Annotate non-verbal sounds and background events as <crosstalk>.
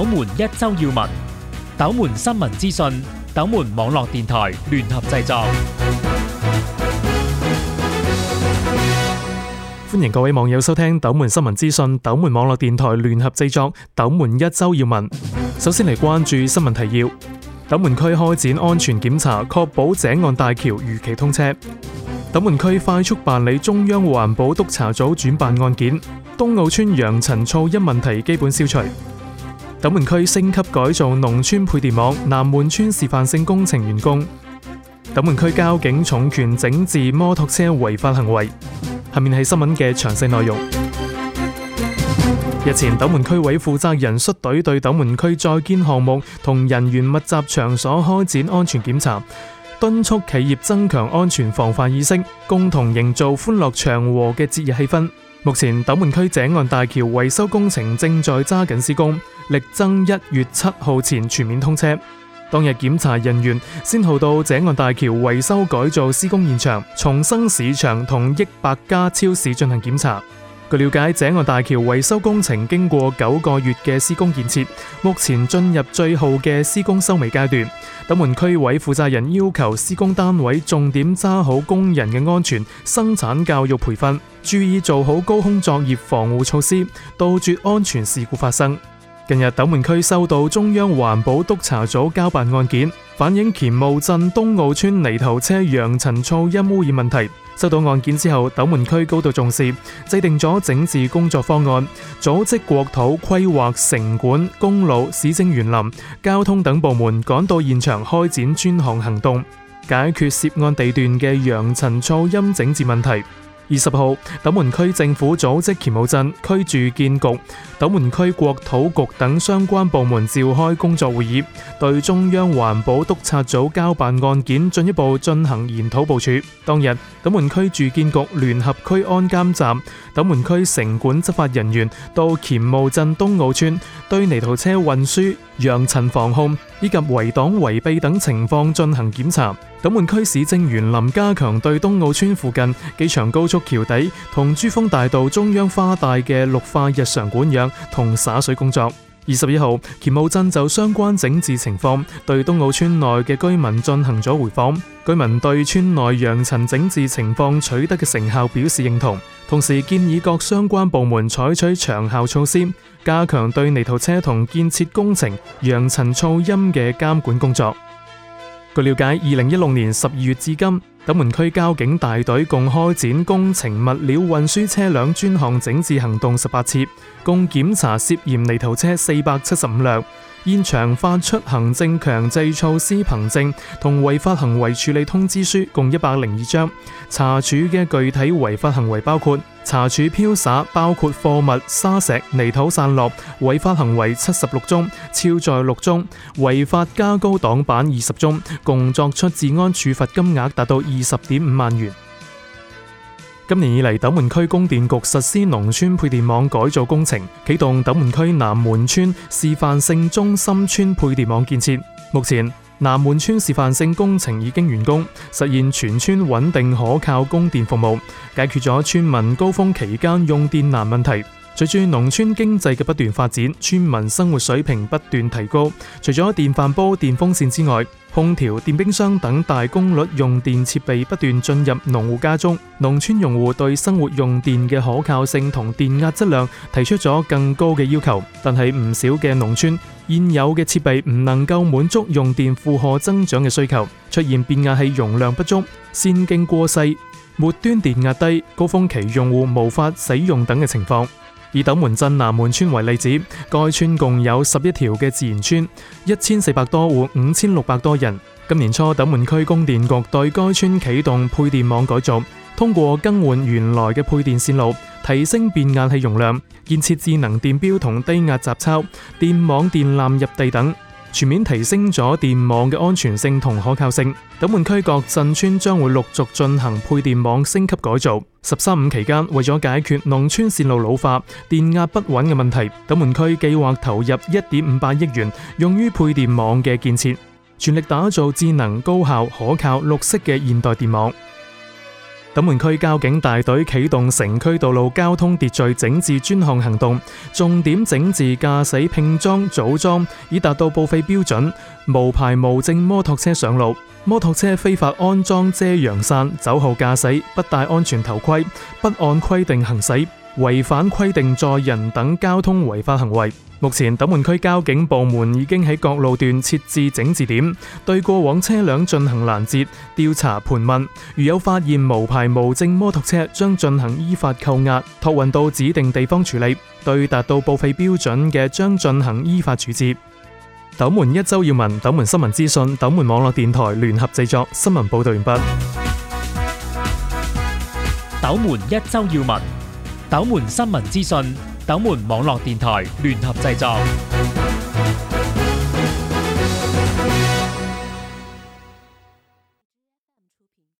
斗門一周要聞，斗門新聞資訊，斗門網絡電台聯合製作。歡迎各位網友收聽斗門新聞資訊，斗門網絡電台聯合製作。斗門一周要聞，首先嚟關注新聞提要：斗門區開展安全檢查，確保井岸大橋如期通車。斗門區快速辦理中央環保督察組轉辦案件，東澳村揚塵噪音問題基本消除。斗門區升級改造農村配電網，南門村示範性工程完工。斗門區交警重拳整治摩托車違法行為。下面係新聞嘅詳細內容。 <music> 日前，斗門區委負責人率隊對斗門區在建項目同人員密集場所開展安全檢查，敦促企業增強安全防範意識，共同營造歡樂祥和嘅節日氣氛。目前斗門區井岸大橋維修工程正在揸緊施工，力爭一月七號前全面通車。當日檢查人員先後到井岸大橋維修改造施工現場、重生市場同億百家超市進行檢查。據了解，井岸大橋維修工程經過九個月嘅施工建設，目前進入最後嘅施工收尾階段。斗門區委負責人要求施工單位重點揸好工人嘅安全、生產教育培訓，注意做好高空作業防護措施，杜絕安全事故發生。近日斗門區收到中央環保督察組交辦案件，反映乾務鎮東澳村泥頭車揚塵噪音污染問題。收到案件之後，斗門區高度重視，制定咗整治工作方案，組織國土規劃、城管、公路、市政園林、交通等部門趕到現場開展專項行，行動，解決涉案地段嘅揚塵噪音整治問題。二十號，斗門區政府組織乾務鎮區住建局。斗門區國土局等相關部門召開工作會議，對中央環保督察組交辦案件進一步進行研討部署。當日，斗門區住建局聯合區安監站、斗門區城管執法人員到乾務鎮東澳村對，對泥頭車運輸揚塵防控以及圍擋圍蔽等情況進行檢查。斗門區市政園林加強對東澳村附近機場高速橋底同珠峰大道中央花帶嘅綠化日常管養。同灑水工作。二十一號，乾務鎮就相關整治情況，對東澳村內嘅居民進行咗回訪。居民對村內揚塵整治情況取得嘅成效表示認同，同時建議各相關部門採取長效措施，加強對泥頭車同建設工程揚塵噪音嘅監管工作。據了解，二零一六年十二月至今。斗門區交警大隊共開展工程物料運輸車輛專項整治行動十八次，共檢查涉嫌泥頭車四百七十五輛。現場發出行政強制措施憑證同違法行為處理通知書共一百零二張，查處嘅具體違法行為包括查處漂灑包括貨物、砂石、泥土散落，違法行為七十六宗，超載六宗，違法加高擋板二十宗，共作出治安處罰金額達到二十點五萬元。今年以嚟，斗門區供電局實施農村配電網改造工程，啟動斗門區南門村示範性中心村配電網建設。目前，南門村示範性工程已經完工，實現全村穩定可靠供電服務，解決咗村民高峰期間用電難問題。隨住農村經濟嘅不斷發展，村民生活水平不斷提高。除咗電飯煲、電風扇之外，空調、電冰箱等大功率用電設備不斷進入農戶家中。農村用戶對生活用電嘅可靠性同電壓質量提出咗更高嘅要求。但係唔少嘅農村，現有嘅設備唔能夠滿足用電負荷增長嘅需求，出現變壓器容量不足、線徑過細、末端電壓低、高峰期用戶無法使用等嘅情況。以斗門鎮南門村為例子，該村共有十一條嘅自然村，一千四百多戶，五千六百多人。今年初，斗門區供電局對該村啟動配電網改造，通過更換原來嘅配電綫路，提升變壓器容量，建設智能電表同低壓集抄，電網電纜入地等。全面提升咗電網嘅安全性同可靠性。斗門區各鎮村將會陸續進行配電網升級改造。十三五期間，為咗解決農村線路老化、電壓不穩嘅問題，斗門區計劃投入一點五八億元，用於配電網嘅建設，全力打造智能、高效、可靠、綠色嘅現代電網。斗門區交警大隊啟動城區道路交通秩序整治專項行動，重點整治駕駛拼裝、組裝已達到報廢標準、無牌無證摩托車上路、摩托車非法安裝遮陽傘、酒後駕駛、不戴安全頭盔、不按規定行駛、違反規定載人等交通違法行為。目前斗門區交警部門已經喺各路段設置整治點，對過往車輛進行攔截、調查盤問。如有發現無牌無證摩托車，將進行依法扣押、托運到指定地方處理。對達到報廢標準嘅，將進行依法處置。斗門一周要聞，斗門新聞資訊，斗門網絡電台聯合製作。新聞報道完畢。斗門一周要聞，斗門新聞資訊。斗門網絡電台聯合製作。